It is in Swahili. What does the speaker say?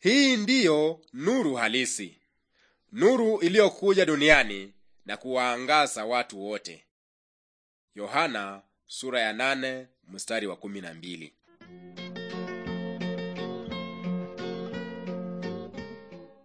Hii ndiyo nuru halisi, nuru iliyokuja duniani na kuwaangaza watu wote. Yohana sura ya nane mstari wa kumi na mbili.